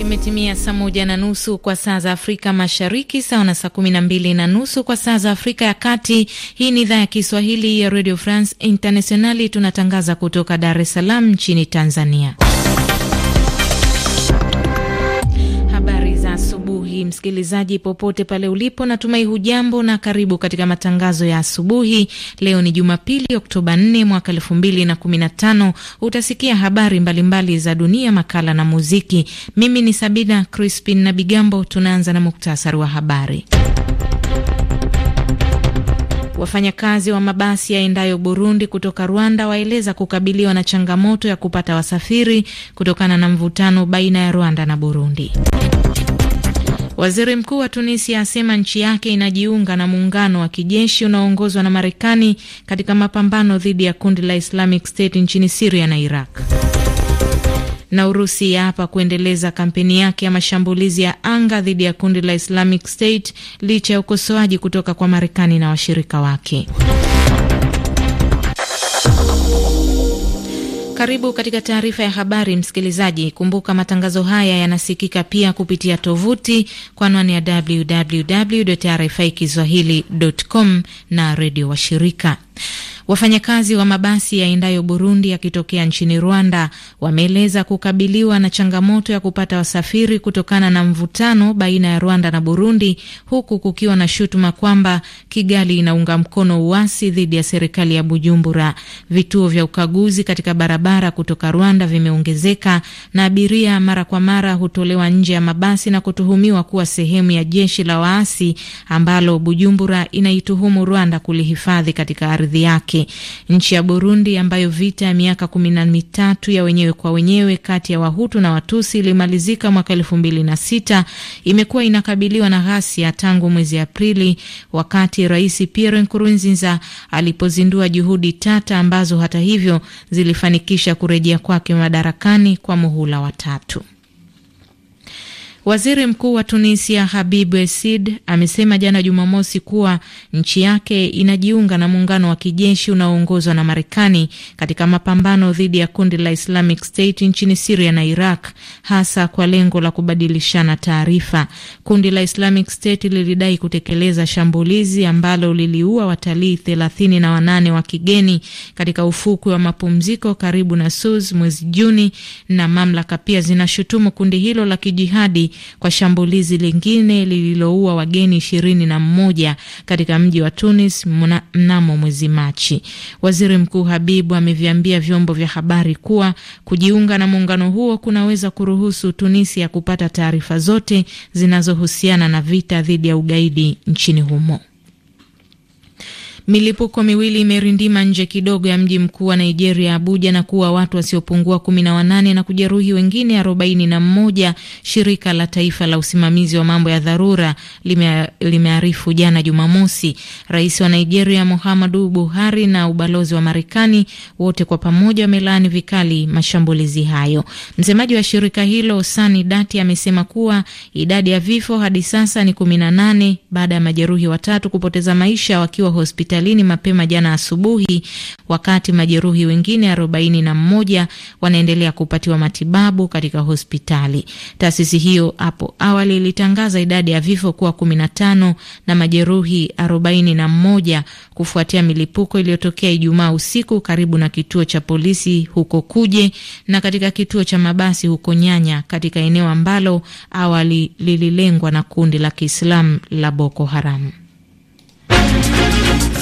Imetimia saa moja na nusu kwa saa za Afrika Mashariki, sawa na saa kumi na mbili na nusu kwa saa za Afrika ya Kati. Hii ni idhaa ya Kiswahili ya Radio France Internationali, tunatangaza kutoka Dar es Salaam nchini Tanzania. msikilizaji popote pale ulipo, natumai hujambo na karibu katika matangazo ya asubuhi. Leo ni Jumapili, Oktoba 4 mwaka 2015. Utasikia habari mbalimbali mbali za dunia, makala na muziki. Mimi ni Sabina Crispin na Bigambo. Tunaanza na muktasari wa habari. Wafanyakazi wa mabasi yaendayo Burundi kutoka Rwanda waeleza kukabiliwa na changamoto ya kupata wasafiri kutokana na mvutano baina ya Rwanda na Burundi. Waziri mkuu wa Tunisia asema nchi yake inajiunga na muungano wa kijeshi unaoongozwa na Marekani katika mapambano dhidi ya kundi la Islamic State nchini Siria na Iraq. Na Urusi yaapa kuendeleza kampeni yake ya mashambulizi ya anga dhidi ya kundi la Islamic State licha ya ukosoaji kutoka kwa Marekani na washirika wake. Karibu katika taarifa ya habari, msikilizaji. Kumbuka matangazo haya yanasikika pia kupitia tovuti kwa anwani ya www RFI Kiswahili.com na redio washirika. Wafanyakazi wa mabasi yaendayo Burundi yakitokea nchini Rwanda wameeleza kukabiliwa na changamoto ya kupata wasafiri kutokana na mvutano baina ya Rwanda na Burundi, huku kukiwa na shutuma kwamba Kigali inaunga mkono uasi dhidi ya serikali ya Bujumbura. Vituo vya ukaguzi katika barabara kutoka Rwanda vimeongezeka na abiria mara kwa mara hutolewa nje ya mabasi na kutuhumiwa kuwa sehemu ya jeshi la waasi ambalo Bujumbura inaituhumu Rwanda kulihifadhi katika ardhi ardhi yake. Nchi ya Burundi ambayo vita ya miaka kumi na mitatu ya wenyewe kwa wenyewe kati ya Wahutu na Watusi ilimalizika mwaka elfu mbili na sita imekuwa inakabiliwa na ghasia tangu mwezi Aprili, wakati Rais Pierre Nkurunziza alipozindua juhudi tata ambazo hata hivyo zilifanikisha kurejea kwake madarakani kwa muhula watatu. Waziri Mkuu wa Tunisia Habib esid amesema jana Jumamosi kuwa nchi yake inajiunga na muungano wa kijeshi unaoongozwa na Marekani katika mapambano dhidi ya kundi la Islamic State nchini Siria na Iraq, hasa kwa lengo la kubadilishana taarifa. Kundi la Islamic State lilidai kutekeleza shambulizi ambalo liliua watalii thelathini na wanane wa kigeni katika ufukwe wa mapumziko karibu na sus mwezi Juni, na mamlaka pia zinashutumu kundi hilo la kijihadi kwa shambulizi lingine lililoua wageni ishirini na mmoja katika mji wa Tunis mnamo mwezi Machi. Waziri Mkuu Habibu ameviambia vyombo vya habari kuwa kujiunga na muungano huo kunaweza kuruhusu Tunisia kupata taarifa zote zinazohusiana na vita dhidi ya ugaidi nchini humo. Milipuko miwili imerindima nje kidogo ya mji mkuu wa Nigeria, Abuja, na kuwa watu wasiopungua kumi na wanane na kujeruhi wengine arobaini na mmoja. Shirika la taifa la usimamizi wa mambo ya dharura limearifu jana Jumamosi. Rais wa Nigeria Muhammadu Buhari na ubalozi wa Marekani wote kwa pamoja wamelaani vikali mashambulizi hayo. Msemaji wa shirika hilo Sani Dati amesema kuwa idadi ya vifo hadi sasa ni kumi na nane baada ya majeruhi watatu kupoteza maisha wakiwa hospitali hospitalini mapema jana asubuhi, wakati majeruhi wengine 41 wanaendelea kupatiwa matibabu katika hospitali. Taasisi hiyo hapo awali ilitangaza idadi ya vifo kuwa 15 na majeruhi 41 kufuatia milipuko iliyotokea Ijumaa usiku karibu na kituo cha polisi huko Kuje na katika kituo cha mabasi huko Nyanya katika eneo ambalo awali lililengwa na kundi la Kiislamu la Boko Haram.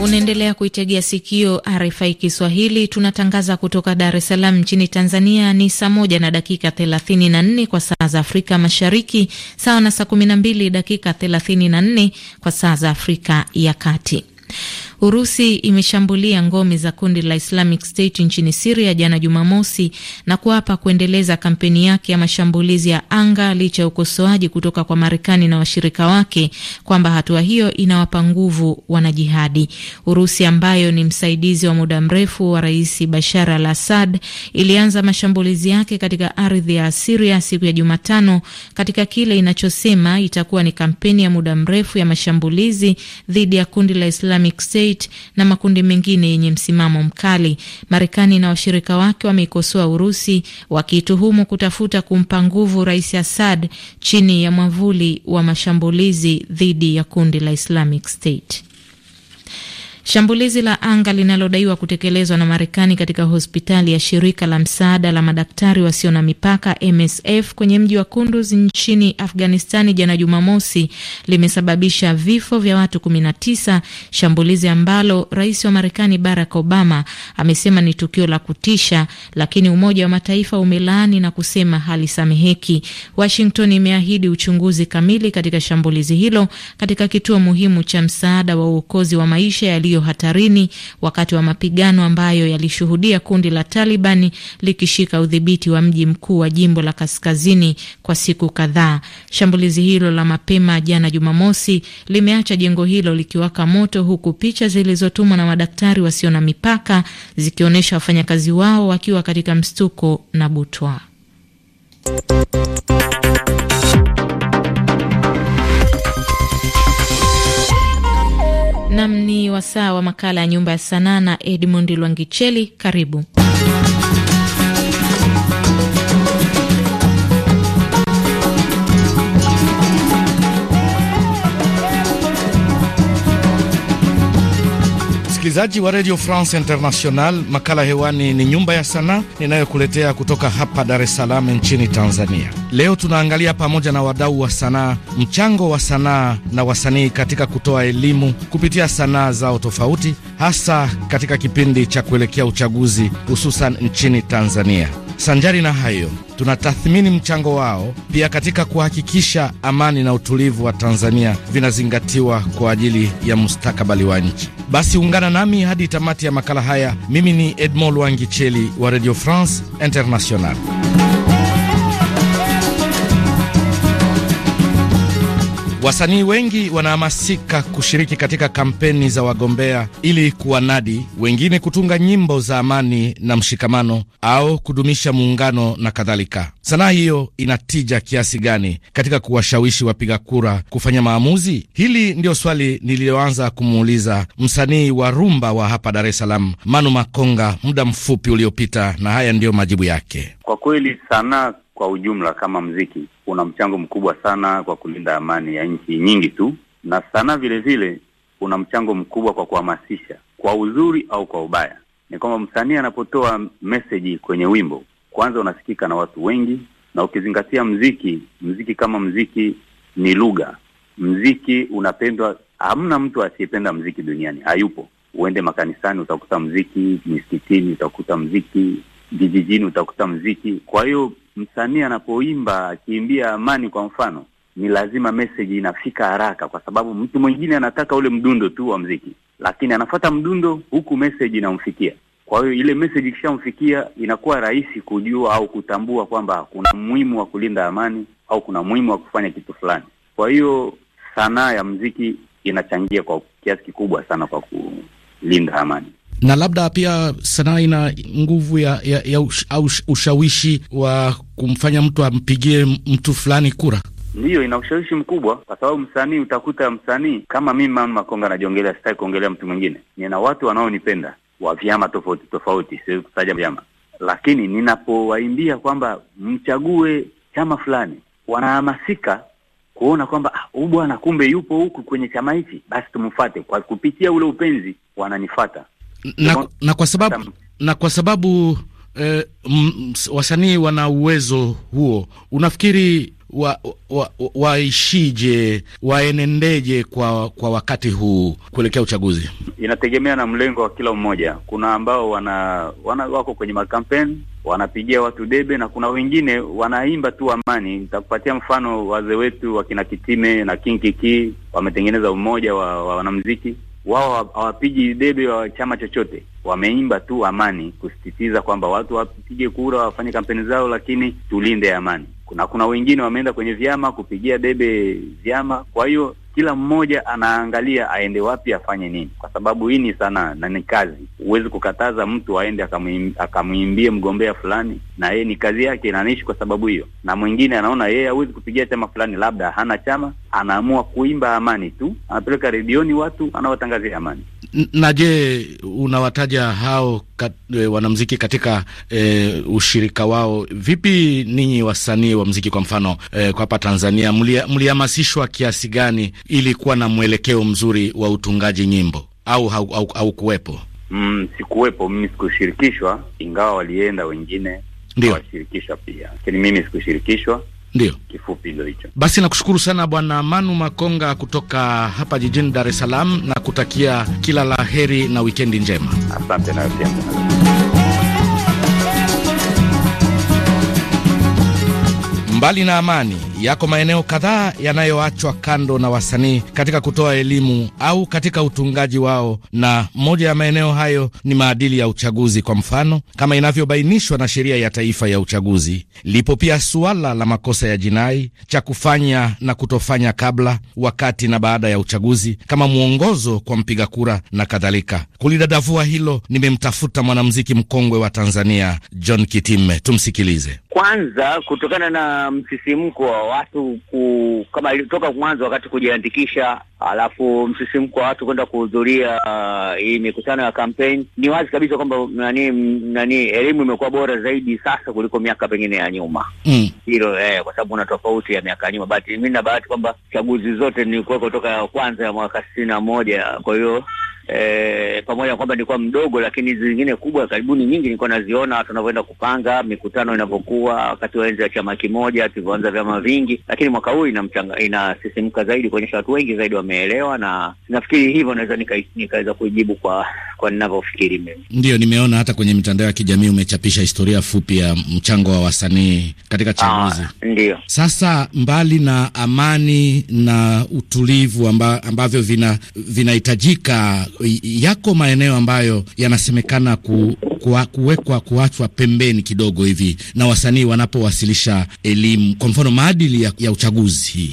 Unaendelea kuitegea sikio RFI Kiswahili, tunatangaza kutoka Dar es Salaam nchini Tanzania. Ni saa moja na dakika 34 kwa saa za Afrika Mashariki, sawa na saa 12 dakika 34 kwa saa za Afrika ya Kati. Urusi imeshambulia ngome za kundi la Islamic State nchini Siria jana Jumamosi na kuapa kuendeleza kampeni yake ya mashambulizi ya anga licha ya ukosoaji kutoka kwa Marekani na washirika wake kwamba hatua hiyo inawapa nguvu wanajihadi. Urusi ambayo ni msaidizi wa muda mrefu wa Rais Bashar al Assad ilianza mashambulizi yake katika ardhi ya Siria siku ya Jumatano katika kile inachosema itakuwa ni kampeni ya muda mrefu ya mashambulizi dhidi ya kundi la Islamic State State na makundi mengine yenye msimamo mkali. Marekani na washirika wake wameikosoa Urusi wakiituhumu kutafuta kumpa nguvu Rais Assad chini ya mwavuli wa mashambulizi dhidi ya kundi la Islamic State. Shambulizi la anga linalodaiwa kutekelezwa na Marekani katika hospitali ya shirika la msaada la madaktari wasio na mipaka MSF kwenye mji wa Kunduz nchini Afghanistani jana Jumamosi limesababisha vifo vya watu 19, shambulizi ambalo rais wa Marekani Barack Obama amesema ni tukio la kutisha, lakini Umoja wa Mataifa umelaani na kusema halisameheki. Washington imeahidi uchunguzi kamili katika shambulizi hilo katika kituo muhimu cha msaada wa uokozi wa maisha yaliyo iliyo hatarini wakati wa mapigano ambayo yalishuhudia kundi la Talibani likishika udhibiti wa mji mkuu wa jimbo la kaskazini kwa siku kadhaa. Shambulizi hilo la mapema jana Jumamosi limeacha jengo hilo likiwaka moto, huku picha zilizotumwa na madaktari wasio na mipaka zikionyesha wafanyakazi wao wakiwa katika mstuko na butwa. wasaa wa makala ya Nyumba ya Sanaa na Edmund Lwangicheli. Karibu. Msikilizaji wa Radio France International, makala hewani ni Nyumba ya Sanaa ninayokuletea kutoka hapa Dar es Salaam nchini Tanzania. Leo tunaangalia pamoja na wadau wa sanaa mchango wa sanaa na wasanii katika kutoa elimu kupitia sanaa zao tofauti, hasa katika kipindi cha kuelekea uchaguzi, hususan nchini Tanzania. Sanjari na hayo, tunatathmini mchango wao pia katika kuhakikisha amani na utulivu wa Tanzania vinazingatiwa kwa ajili ya mustakabali wa nchi. Basi ungana nami hadi tamati ya makala haya. Mimi ni Edmond Wangicheli wa Radio France International. Wasanii wengi wanahamasika kushiriki katika kampeni za wagombea ili kuwanadi wengine, kutunga nyimbo za amani na mshikamano au kudumisha muungano na kadhalika. Sanaa hiyo ina tija kiasi gani katika kuwashawishi wapiga kura kufanya maamuzi? Hili ndiyo swali nililoanza kumuuliza msanii wa rumba wa hapa Dar es Salaam Manu Makonga muda mfupi uliopita, na haya ndiyo majibu yake. Kwa kweli sanaa kwa ujumla kama mziki una mchango mkubwa sana kwa kulinda amani ya nchi nyingi tu, na sanaa vile vile una mchango mkubwa kwa kuhamasisha, kwa uzuri au kwa ubaya. Ni kwamba msanii anapotoa meseji kwenye wimbo, kwanza unasikika na watu wengi, na ukizingatia mziki, mziki kama mziki ni lugha, mziki unapendwa. Hamna mtu asiyependa mziki duniani, hayupo. Uende makanisani utakuta mziki, misikitini utakuta mziki, vijijini utakuta mziki, kwa hiyo msanii anapoimba akiimbia amani kwa mfano, ni lazima message inafika haraka, kwa sababu mtu mwingine anataka ule mdundo tu wa mziki, lakini anafata mdundo huku message inamfikia. Kwa hiyo ile message ikishamfikia inakuwa rahisi kujua au kutambua kwamba kuna muhimu wa kulinda amani au kuna muhimu wa kufanya kitu fulani. Kwa hiyo sanaa ya mziki inachangia kwa kiasi kikubwa sana kwa kulinda amani na labda pia sanaa ina nguvu ya, ya, ya ush, ush, ushawishi wa kumfanya mtu ampigie mtu fulani kura. Ndiyo, ina ushawishi mkubwa, kwa sababu msanii, utakuta msanii kama mimi Mama Makonga anajiongelea, sitaki kuongelea mtu mwingine, nina watu wanaonipenda wa vyama tofauti tofauti, siwezi kutaja vyama, lakini ninapowaimbia kwamba mchague chama fulani, wanahamasika kuona kwamba ah, huyu ah, bwana kumbe yupo huku kwenye chama hichi, basi tumfate Kwa kupitia ule upenzi, wananifata na, na kwa sababu, na kwa sababu eh, wasanii wana uwezo huo, unafikiri waishije wa, wa waenendeje kwa kwa wakati huu kuelekea uchaguzi? Inategemea na mlengo wa kila mmoja. Kuna ambao wana, wana wako kwenye makampeni wanapigia watu debe, na kuna wengine wanaimba tu amani. Nitakupatia mfano, wazee wetu wakina Kitime na King Kiki wametengeneza umoja wa, wa wao hawapigi debe wa chama chochote, wameimba tu amani, kusisitiza kwamba watu wapige kura, wafanye kampeni zao, lakini tulinde amani. Kuna kuna wengine wameenda kwenye vyama kupigia debe vyama, kwa hiyo kila mmoja anaangalia aende wapi afanye nini, kwa sababu hii ni sana na ni kazi. Huwezi kukataza mtu aende akamwimbie mgombea fulani, na yeye ni kazi yake na anaishi kwa sababu hiyo. Na mwingine anaona yeye hawezi kupigia chama fulani, labda hana chama, anaamua kuimba amani tu, anapeleka redioni, watu anawatangazia amani. Na je, unawataja hao kat, e, wanamziki katika e, ushirika wao vipi? Ninyi wasanii wa mziki kwa mfano e, kwa hapa Tanzania mlihamasishwa kiasi gani ili kuwa na mwelekeo mzuri wa utungaji nyimbo au haukuwepo? Au, au mm, sikuwepo mimi, sikushirikishwa, ingawa walienda wengine ndio washirikishwa pia, lakini mimi sikushirikishwa. Ndio, kifupi hilo hicho. Basi nakushukuru sana Bwana Manu Makonga kutoka hapa jijini Dar es Salaam na kutakia kila la heri na wikendi njema. Asante nayo pia. Mbali na amani, yako maeneo kadhaa yanayoachwa kando na wasanii katika kutoa elimu au katika utungaji wao, na moja ya maeneo hayo ni maadili ya uchaguzi. Kwa mfano, kama inavyobainishwa na sheria ya taifa ya uchaguzi, lipo pia suala la makosa ya jinai, cha kufanya na kutofanya kabla, wakati na baada ya uchaguzi, kama mwongozo kwa mpiga kura na kadhalika. Kulidadavua hilo, nimemtafuta mwanamuziki mkongwe wa Tanzania John Kitime, tumsikilize. Kwanza kutokana na msisimko wa watu ku, kama ilitoka mwanzo wakati kujiandikisha, alafu msisimko wa watu kwenda kuhudhuria uh, hii mikutano ya kampeni, ni wazi kabisa kwamba nani nani elimu imekuwa bora zaidi sasa kuliko miaka pengine ya nyuma mm. hilo mm. Eh, kwa sababu una tofauti ya miaka ya nyuma. Bahati mi na bahati kwamba chaguzi zote nilikuwa kutoka kwanza ya mwaka sitini na moja, kwa hiyo e, pamoja na kwamba nilikuwa mdogo, lakini zingine kubwa karibuni nyingi nilikuwa naziona tunavyoenda kupanga mikutano inavyokuwa wakati wa enzi ya chama kimoja tulivyoanza vyama vingi, lakini mwaka huu inamchanga inasisimka zaidi kuonyesha watu wengi zaidi wameelewa, na nafikiri hivyo naweza nikaweza nika kujibu kwa kwa ninavyofikiri mimi. Ndio nimeona hata kwenye mitandao ya kijamii umechapisha historia fupi ya mchango wa wasanii katika chaguzi. Ah, Ndio sasa, mbali na amani na utulivu amba, ambavyo vinahitajika yako maeneo ambayo yanasemekana ku, kuwekwa kuachwa pembeni kidogo hivi na wasanii wanapowasilisha elimu, kwa mfano maadili ya, ya uchaguzi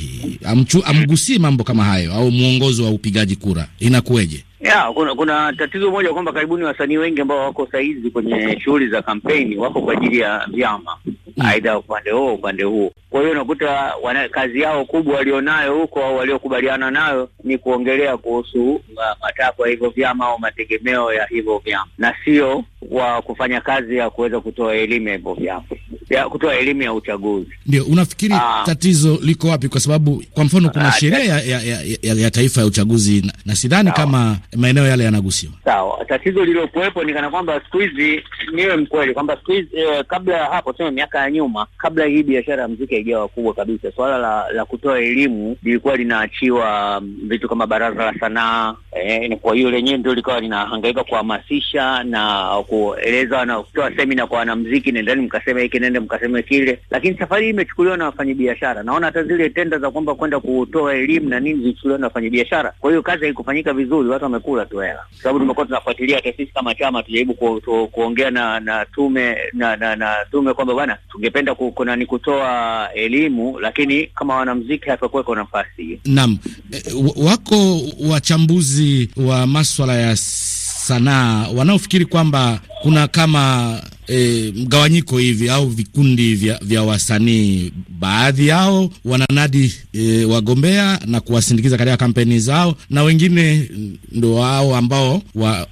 amgusii mambo kama hayo, au mwongozo wa upigaji kura inakuweje? Ya, kuna, kuna tatizo moja kwamba karibuni wasanii wengi ambao wako saizi kwenye shughuli za kampeni wako kwa ajili ya vyama mm. aidha upande huo upande huo. Kwa hiyo unakuta wana kazi yao kubwa walionayo huko au waliokubaliana nayo ni kuongelea kuhusu uh, matakwa ya hivyo vyama au mategemeo ya hivyo vyama na sio wa kufanya kazi ya kuweza kutoa elimu ya hivyo vyako ya kutoa elimu ya uchaguzi. Ndio, unafikiri aa, ah. tatizo liko wapi? Kwa sababu kwa mfano kuna ah, sheria ya, ya, ya, ya taifa ya uchaguzi na, na sidhani kama maeneo yale yanagusiwa. Sawa, tatizo lililokuwepo ni kana kwamba siku hizi, niwe mkweli kwamba siku hizi eh, kabla ya hapo sema miaka ya nyuma, kabla hii biashara ya muziki haijawa kubwa kabisa, swala la, la kutoa elimu lilikuwa linaachiwa mm, vitu kama baraza la sanaa E, ni kwa hiyo lenyewe ndio likawa linahangaika kuhamasisha na kueleza na kutoa semina kwa wanamziki nendani mkasema hiki, nende mkaseme kile, lakini safari hii imechukuliwa na wafanyabiashara. Naona hata zile tenda za kwamba kwenda kutoa elimu na nini zilichukuliwa na wafanyabiashara. Kwa hiyo kazi haikufanyika vizuri, watu wamekula tu hela, kwa sababu tumekuwa tunafuatilia hata sisi kama chama tujaribu ku, tu, kuongea na na tume na na, na tume kwamba bwana, tungependa kuna ni kutoa elimu, lakini kama wanamziki hatakuweko nafasi hiyo. Naam, e, wako wachambuzi wachambuzi wa maswala ya sanaa wanaofikiri kwamba kuna kama e, mgawanyiko hivi au vikundi vya, vya wasanii. Baadhi yao wananadi e, wagombea na kuwasindikiza katika kampeni zao, na wengine ndo wao ambao wa,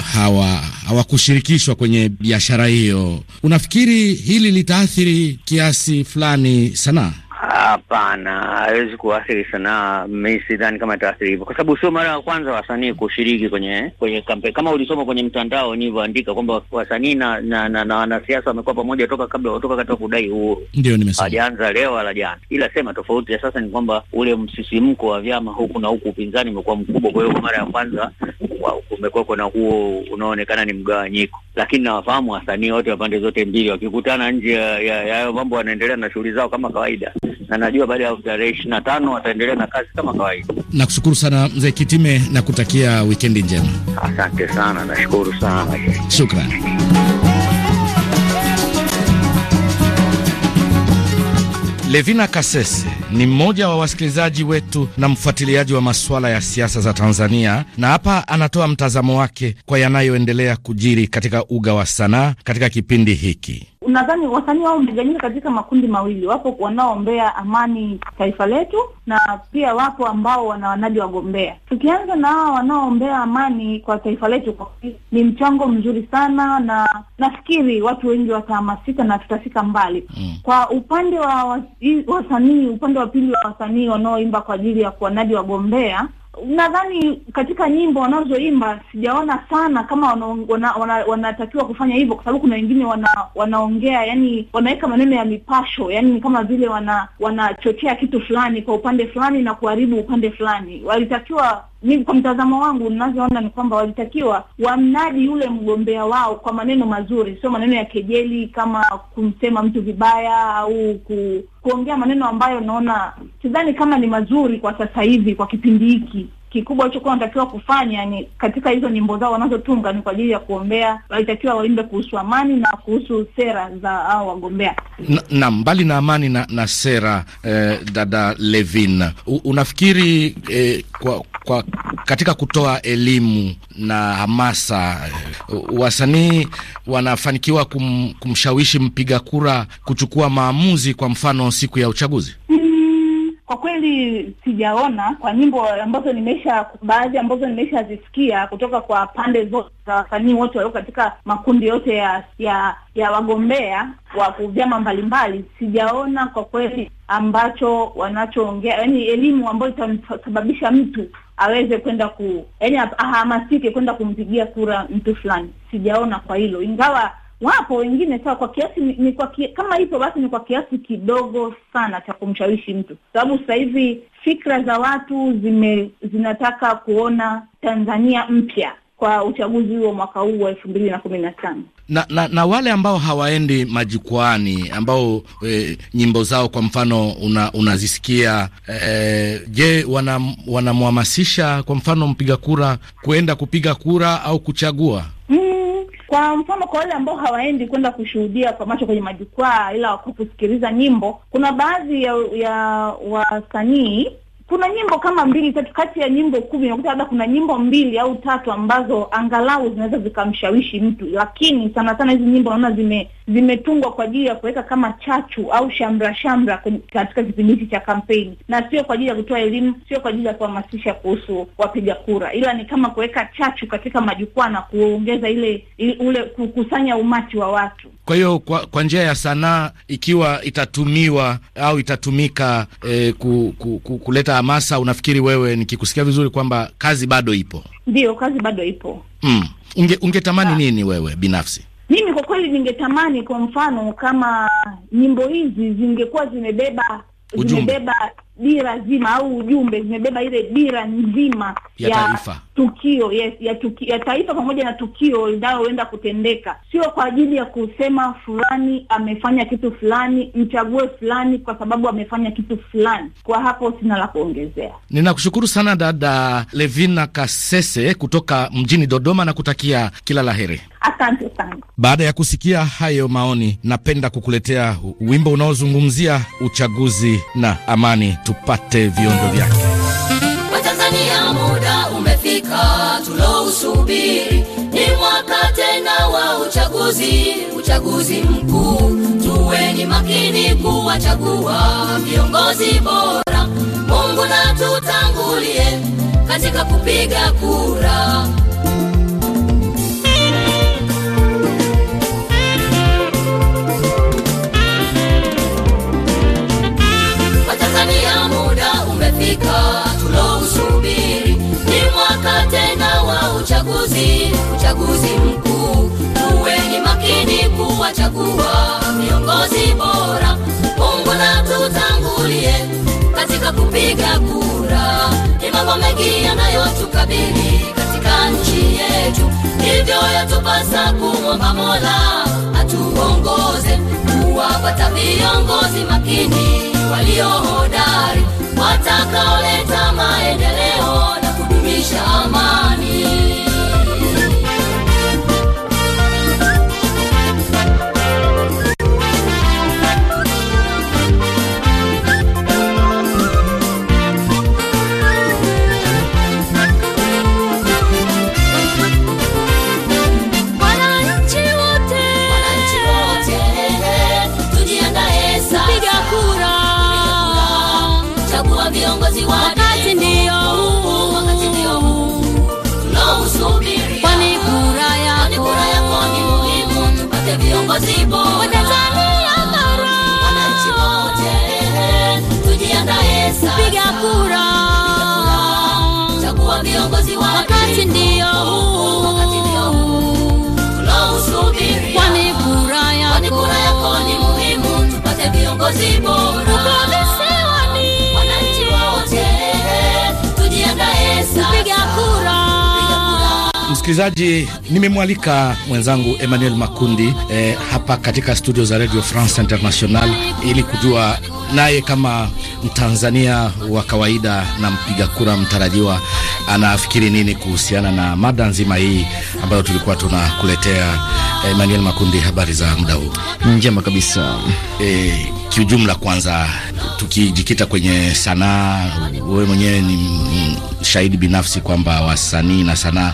hawakushirikishwa hawa kwenye biashara hiyo. Unafikiri hili litaathiri kiasi fulani sanaa? Hapana, hawezi kuathiri sanaa. Mi sidhani kama itaathiri hivyo, kwa sababu sio mara ya kwanza wasanii kushiriki kwenye kwenye kampeni. Kama ulisoma kwenye mtandao nilivyoandika kwamba wasanii na na na wanasiasa wamekuwa pamoja toka kabla kutoka katika kudai huo, ndio nimesema, hajaanza leo wala jana, ila sema tofauti ya sasa ni kwamba ule msisimko wa vyama huku na huku, upinzani umekuwa mkubwa. Kwa hiyo kwa mara ya kwanza kumekuwa kuna huo unaoonekana ni mgawanyiko, lakini nawafahamu wasanii wote wa pande zote mbili, wakikutana nje ya hayo mambo wanaendelea na shughuli zao kama kawaida, na najua baada ya tarehe ishirini na tano wataendelea na kazi kama kawaida. Nakushukuru sana mzee Kitime na kutakia wikendi njema. Asante sana, nashukuru sana, shukrani. Levina Kasese ni mmoja wa wasikilizaji wetu na mfuatiliaji wa masuala ya siasa za Tanzania, na hapa anatoa mtazamo wake kwa yanayoendelea kujiri katika uga wa sanaa katika kipindi hiki nadhani wasanii wao wamegawanyika katika makundi mawili. Wapo wanaoombea amani taifa letu, na pia wapo ambao wana wanaji wagombea. Tukianza na hao wanaoombea amani kwa taifa letu, kwa ni mchango mzuri sana, na nafikiri watu wengi watahamasika na tutafika mbali mm. Kwa upande wa wasanii, upande wa pili wa wasanii wanaoimba kwa ajili ya kuwanaji wagombea nadhani katika nyimbo wanazoimba sijaona sana kama wanatakiwa wana, wana, kufanya hivyo, kwa sababu kuna wengine wana, wanaongea yani wanaweka maneno ya mipasho yani kama vile wanachochea wana kitu fulani kwa upande fulani na kuharibu upande fulani. Walitakiwa mimi kwa mtazamo wangu ninavyoona ni kwamba walitakiwa wamnadi yule mgombea wao kwa maneno mazuri, sio maneno ya kejeli kama kumsema mtu vibaya au ku, kuongea maneno ambayo naona sidhani kama ni mazuri kwa sasa hivi kwa kipindi hiki kikubwa alichokuwa wanatakiwa kufanya ni katika hizo nyimbo zao wanazotunga ni kwa ajili ya kuombea. Walitakiwa waimbe kuhusu amani na kuhusu sera za hao wagombea. Naam, mbali na amani na, na sera eh, dada Levin, U, unafikiri eh, kwa, kwa katika kutoa elimu na hamasa, eh, wasanii wanafanikiwa kum, kumshawishi mpiga kura kuchukua maamuzi, kwa mfano siku ya uchaguzi? Mm, kwa kweli sijaona kwa nyimbo ambazo nimesha baadhi ambazo nimeshazisikia kutoka kwa pande zote za wasanii wote walio katika makundi yote ya ya, ya wagombea wa vyama mbalimbali, sijaona kwa kweli ambacho wanachoongea, yaani elimu ambayo itamsababisha mtu aweze kwenda ku yaani ahamasike kwenda kumpigia kura mtu fulani. Sijaona kwa hilo, ingawa wapo wengine sawa, kwa kiasi ni kwa kia, kama hivyo basi ni kwa kiasi kidogo sana cha kumshawishi mtu, sababu sasa hivi fikra za watu zime- zinataka kuona Tanzania mpya kwa uchaguzi huo mwaka huu wa elfu mbili na kumi na tano na, na, na wale ambao hawaendi majukwani ambao e, nyimbo zao kwa mfano una, unazisikia e, je, wanamhamasisha wana kwa mfano mpiga kura kuenda kupiga kura au kuchagua? Mm, kwa mfano kwa wale ambao hawaendi kwenda kushuhudia kwa macho kwenye majukwaa ila kwa kusikiliza nyimbo, kuna baadhi ya, ya wasanii kuna nyimbo kama mbili tatu kati ya nyimbo kumi unakuta labda kuna nyimbo mbili au tatu ambazo angalau zinaweza zikamshawishi mtu, lakini sana sana hizi nyimbo naona zime zimetungwa kwa ajili ya kuweka kama chachu au shamra shamra katika kipindi hiki cha kampeni, na sio kwa ajili ya kutoa elimu, sio kwa ajili ya kuhamasisha kuhusu wapiga kura, ila ni kama kuweka chachu katika majukwaa na kuongeza ile, ile ule kukusanya umati wa watu. Kwa hiyo kwa njia ya sanaa ikiwa itatumiwa au itatumika eh, ku, ku, ku, kuleta hamasa, unafikiri wewe, nikikusikia vizuri, kwamba kazi bado ipo? Ndiyo, kazi bado ipo. Mm. Unge, ungetamani ah. nini wewe binafsi? Mimi kwa kweli ningetamani kwa mfano kama nyimbo hizi zingekuwa zimebeba zimebeba dira nzima au ujumbe, zimebeba ile dira nzima ya, ya taifa tukio ya, ya tuki, ya taifa pamoja na tukio linaloenda kutendeka, sio kwa ajili ya kusema fulani amefanya kitu fulani, mchague fulani kwa sababu amefanya kitu fulani. Kwa hapo sina la kuongezea. Ninakushukuru sana dada Levina Kasese kutoka mjini Dodoma na kutakia kila la heri. Asante sana. Baada ya kusikia hayo maoni, napenda kukuletea wimbo unaozungumzia uchaguzi na amani, tupate viondo vyake. kusubiri, ni mwaka tena wa uchaguzi, uchaguzi mkuu. Tuweni makini kuwachagua viongozi bora. Mungu na tutangulie katika kupiga kura. Watanzania, muda umefika uchaguzi, uchaguzi mkuu. Tuweni makini kuwachagua viongozi bora. Mungu na tutangulie katika kupiga kura. Ni mambo mengi yanayotukabili katika nchi yetu, hivyo yatupasa kumwomba Mola atuongoze kuwapata viongozi makini walio hodari watakaoleta maendeleo na kudumisha amani. Msikilizaji, nimemwalika mwenzangu Emmanuel Makundi eh, hapa katika studio za Radio France International ili kujua naye kama Mtanzania wa kawaida na mpiga kura mtarajiwa anafikiri nini kuhusiana na mada nzima hii ambayo tulikuwa tunakuletea. Emmanuel Makundi, habari za muda huu? Njema kabisa. Eh, kiujumla, kwanza tukijikita kwenye sanaa, wewe mwenyewe ni shahidi binafsi kwamba wasanii na sanaa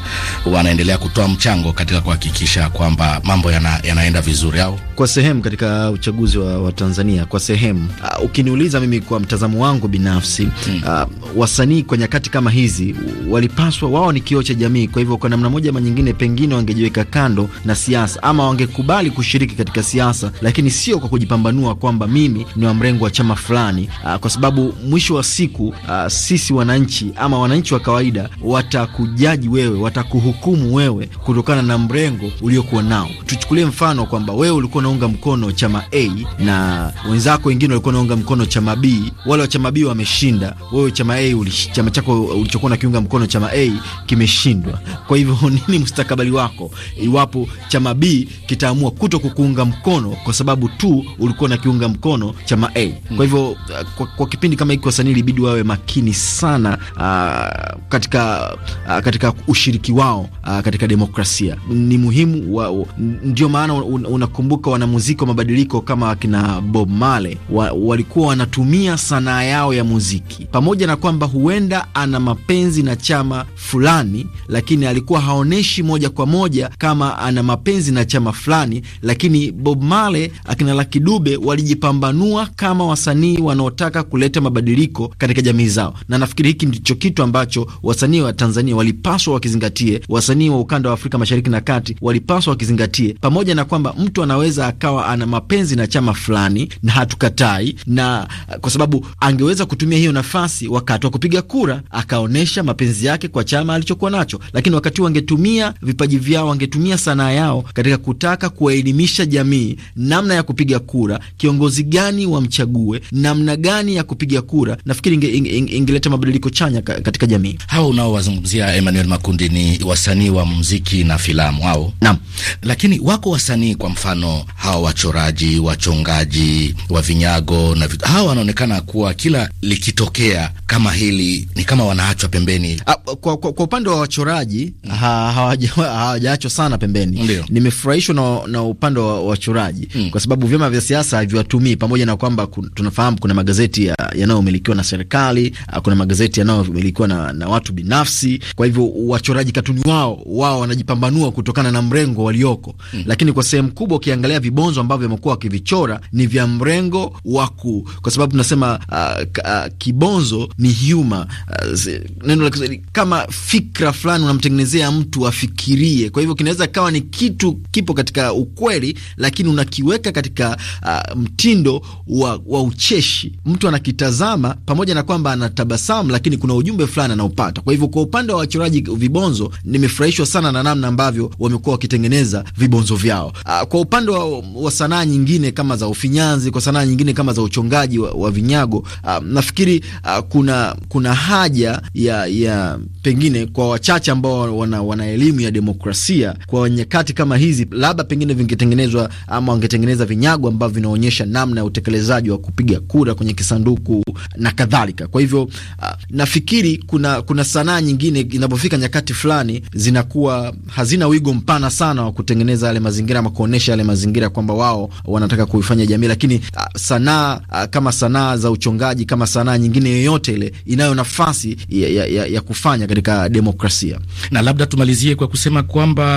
wanaendelea kutoa mchango katika kuhakikisha kwamba mambo yana, yanaenda vizuri au kwa sehemu katika uchaguzi wa, wa Tanzania kwa sehemu. Uh, ukiniuliza mimi kwa mtazamo wangu binafsi hmm. uh, wasanii kwa nyakati kama hizi walipaswa, wao ni kioo cha jamii. Kwa hivyo kwa namna moja ama nyingine, pengine wangejiweka kando na siasa ama wangekubali kushiriki katika siasa, lakini sio kwa kujipambanua kwamba mimi mimi ni wa mrengo wa chama fulani, ah, kwa sababu mwisho wa siku a, ah, sisi wananchi ama wananchi wa kawaida watakujaji wewe, watakuhukumu wewe kutokana na mrengo uliokuwa nao. Tuchukulie mfano kwamba wewe ulikuwa unaunga mkono chama A na wenzako wengine walikuwa naunga mkono chama B. Wale wa chama B wameshinda, wewe chama A ulish, chama chako ulichokuwa nakiunga mkono chama A kimeshindwa. Kwa hivyo nini mustakabali wako iwapo chama B kitaamua kuto kukuunga mkono kwa sababu tu ulikuwa nakiunga mkono ngono cha ma Kwa hmm. hivyo uh, kwa, kwa kipindi kama hiki wasanii ilibidi wawe makini sana uh, katika uh, katika ushiriki wao uh, katika demokrasia ni muhimu wa, ndio maana unakumbuka wanamuziki wa mabadiliko kama akina Bob Marley wa, walikuwa wanatumia sanaa yao ya muziki, pamoja na kwamba huenda ana mapenzi na chama fulani, lakini alikuwa haoneshi moja kwa moja kama ana mapenzi na chama fulani, lakini Bob Marley akina Lucky Dube walijipamba kuwabanua kama wasanii wanaotaka kuleta mabadiliko katika jamii zao, na nafikiri hiki ndicho kitu ambacho wasanii wa Tanzania walipaswa wakizingatie, wasanii wa ukanda wa Afrika Mashariki na Kati walipaswa wakizingatie, pamoja na kwamba mtu anaweza akawa ana mapenzi na chama fulani, na hatukatai, na kwa sababu angeweza kutumia hiyo nafasi wakati wa kupiga kura akaonyesha mapenzi yake kwa chama alichokuwa nacho, lakini wakati wangetumia vipaji vyao, wangetumia sanaa yao katika kutaka kuwaelimisha jamii namna ya kupiga kura kiongozi gani wamchague, namna gani ya kupiga kura, nafikiri ingeleta inge, inge mabadiliko chanya katika jamii. Hawa unaowazungumzia Emmanuel Makundi ni wasanii wa muziki na filamu au naam, lakini wako wasanii kwa mfano hawa wachoraji, wachongaji wa vinyago na vitu, hawa wanaonekana kuwa kila likitokea kama hili ni kama wanaachwa pembeni. A, ah, kwa, kwa, kwa upande wa wachoraji hawajaachwa sana pembeni. Nimefurahishwa na, na upande wa wachoraji mm, kwa sababu vyama vya siasa haviwatumii pamoja na kwamba tunafahamu kuna magazeti yanayomilikiwa ya na serikali, ah, kuna magazeti yanayomilikiwa na, na watu binafsi. Kwa hivyo wachoraji katuni wao wao wanajipambanua kutokana na mrengo walioko mm. Lakini kwa sehemu kubwa ukiangalia vibonzo ambavyo wamekuwa wakivichora ni vya mrengo wa ku, kwa sababu tunasema uh, uh, kibonzo ni huma uh, neno la Kiswahili kama fikra fulani unamtengenezea mtu afikirie. Kwa hivyo kinaweza kawa ni kitu kipo katika ukweli, lakini unakiweka katika uh, mtindo wa, wa ucheshi. Mtu anakitazama pamoja na kwamba anatabasamu, lakini kuna ujumbe fulani anaopata. Kwa hivyo, kwa upande wa wachoraji vibonzo, nimefurahishwa sana na namna ambavyo wamekuwa wakitengeneza vibonzo vyao. Aa, ah, kwa upande wa, wa sanaa nyingine kama za ufinyanzi, kwa sanaa nyingine kama za uchongaji wa, wa vinyago, a, ah, nafikiri a, ah, kuna kuna haja ya, ya pengine kwa wachache ambao wana, wana elimu ya demokrasia kwa nyakati kama hizi, labda pengine vingetengenezwa ama wangetengeneza vinyago ambavyo vinaonyesha namna namna ya utekelezaji wa kupiga kura kwenye kisanduku na kadhalika. Kwa hivyo ah, nafikiri kuna, kuna sanaa nyingine inapofika nyakati fulani zinakuwa hazina wigo mpana sana wa kutengeneza yale mazingira ama kuonyesha yale mazingira kwamba wao wanataka kuifanya jamii, lakini ah, sanaa ah, kama sanaa za uchongaji, kama sanaa nyingine yoyote ile, inayo nafasi ya, ya, ya, ya kufanya katika demokrasia. Na labda tumalizie kwa kusema kwamba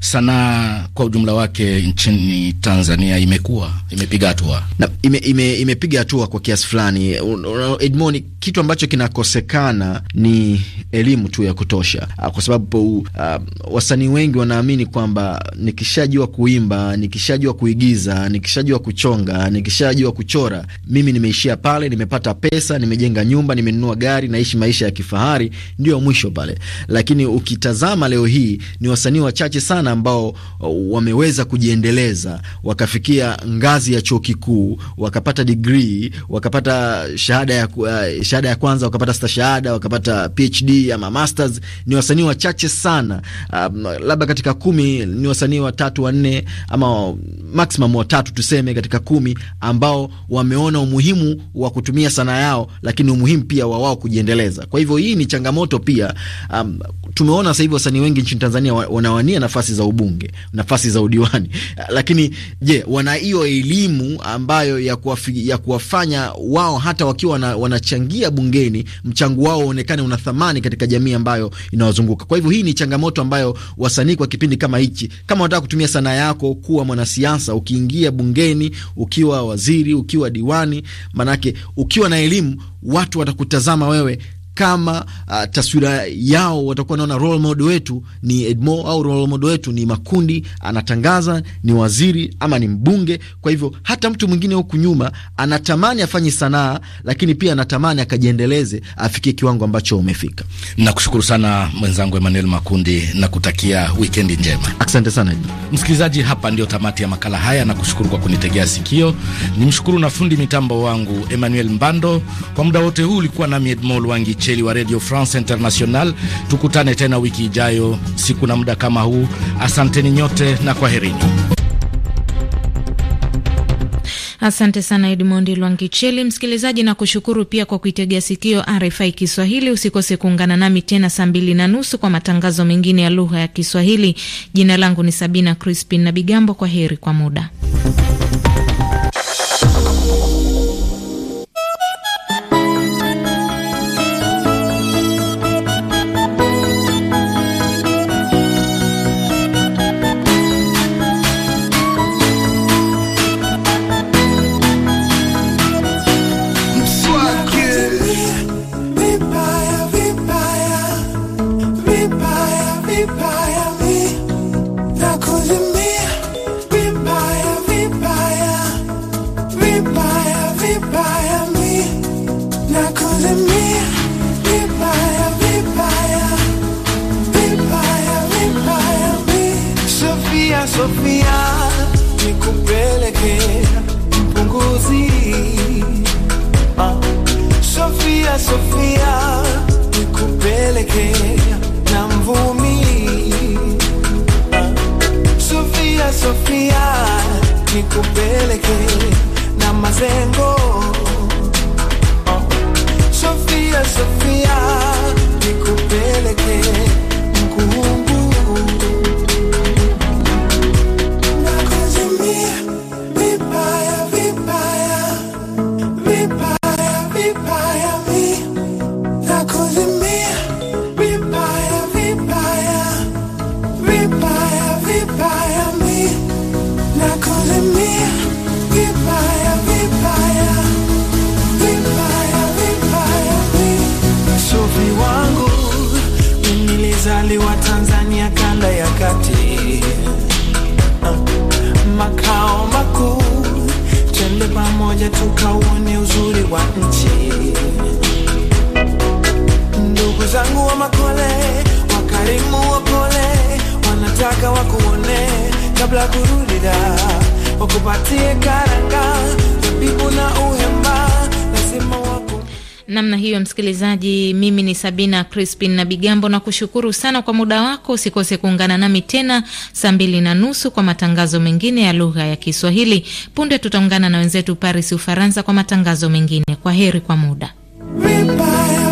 sanaa kwa ujumla wake nchini Tanzania imekuwa imepiga hatua na imepiga ime, ime hatua kwa kiasi fulani. Edmond, kitu ambacho kinakosekana ni elimu tu ya kutosha, ah, kwa sababu uh, wasanii wengi wanaamini kwamba nikishajua kuimba, nikishajua kuigiza, nikishajua kuchonga, nikishajua kuchora, mimi nimeishia pale, nimepata pesa, nimejenga nyumba, nimenunua gari, naishi maisha ya kifahari, ndio mwisho pale. Lakini ukitazama leo hii ni wasanii wachache sana ambao ah, wameweza kujiendeleza wakafikia ngazi ya chuo kikuu mkuu, wakapata degree, wakapata shahada ya, uh, shahada ya kwanza, wakapata stashahada, wakapata PhD ama masters, ni wasanii wachache sana. Um, labda katika kumi ni wasanii watatu wanne, ama maximum watatu tuseme katika kumi ambao wameona umuhimu wa kutumia sanaa yao, lakini umuhimu pia wa wao kujiendeleza. Kwa hivyo hii ni changamoto pia. Um, tumeona sasa hivi wasanii wengi nchini Tanzania wanawania nafasi za ubunge, nafasi za udiwani, lakini je, wana hiyo elimu ambayo ya, kuwafi, ya kuwafanya wao hata wakiwa na, wanachangia bungeni mchango wao uonekane una thamani katika jamii ambayo inawazunguka. Kwa hivyo hii ni changamoto ambayo wasanii kwa kipindi kama hichi, kama unataka kutumia sanaa yako kuwa mwanasiasa, ukiingia bungeni, ukiwa waziri, ukiwa diwani, manake ukiwa na elimu, watu watakutazama wewe kama uh, taswira yao watakuwa naona role model wetu ni Edmo au role model wetu ni Makundi, anatangaza ni waziri ama ni mbunge. Kwa hivyo hata mtu mwingine huku nyuma anatamani afanye sanaa, lakini pia anatamani akajiendeleze, afikie kiwango ambacho umefika. Nakushukuru sana mwenzangu Emmanuel Makundi na kutakia wikendi njema. Asante sana msikilizaji. Hapa ndio tamati ya makala haya, nakushukuru kwa kunitegea sikio. Nimshukuru na fundi mitambo wangu Emmanuel Mbando kwa muda wote huu, ulikuwa nami Edmo Lwangiche ofisheli wa Radio France International. Tukutane tena wiki ijayo, siku na muda kama huu. Asanteni nyote na kwaherini. Asante sana Edmond Lwangicheli. Msikilizaji, na kushukuru pia kwa kuitegea sikio RFI Kiswahili. Usikose kuungana nami tena saa mbili na nusu kwa matangazo mengine ya lugha ya Kiswahili. Jina langu ni Sabina Crispin na Bigambo. Kwa heri kwa muda. comer. zangu wa makole wakarimu wa pole, wanataka wakuone kabla kurudi da wakupatie karanga zabibu na uhemba lazima namna hiyo msikilizaji mimi ni sabina crispin na bigambo na kushukuru sana kwa muda wako usikose kuungana nami tena saa mbili na nusu kwa matangazo mengine ya lugha ya kiswahili punde tutaungana na wenzetu paris ufaransa kwa matangazo mengine kwa heri kwa muda Ripaya.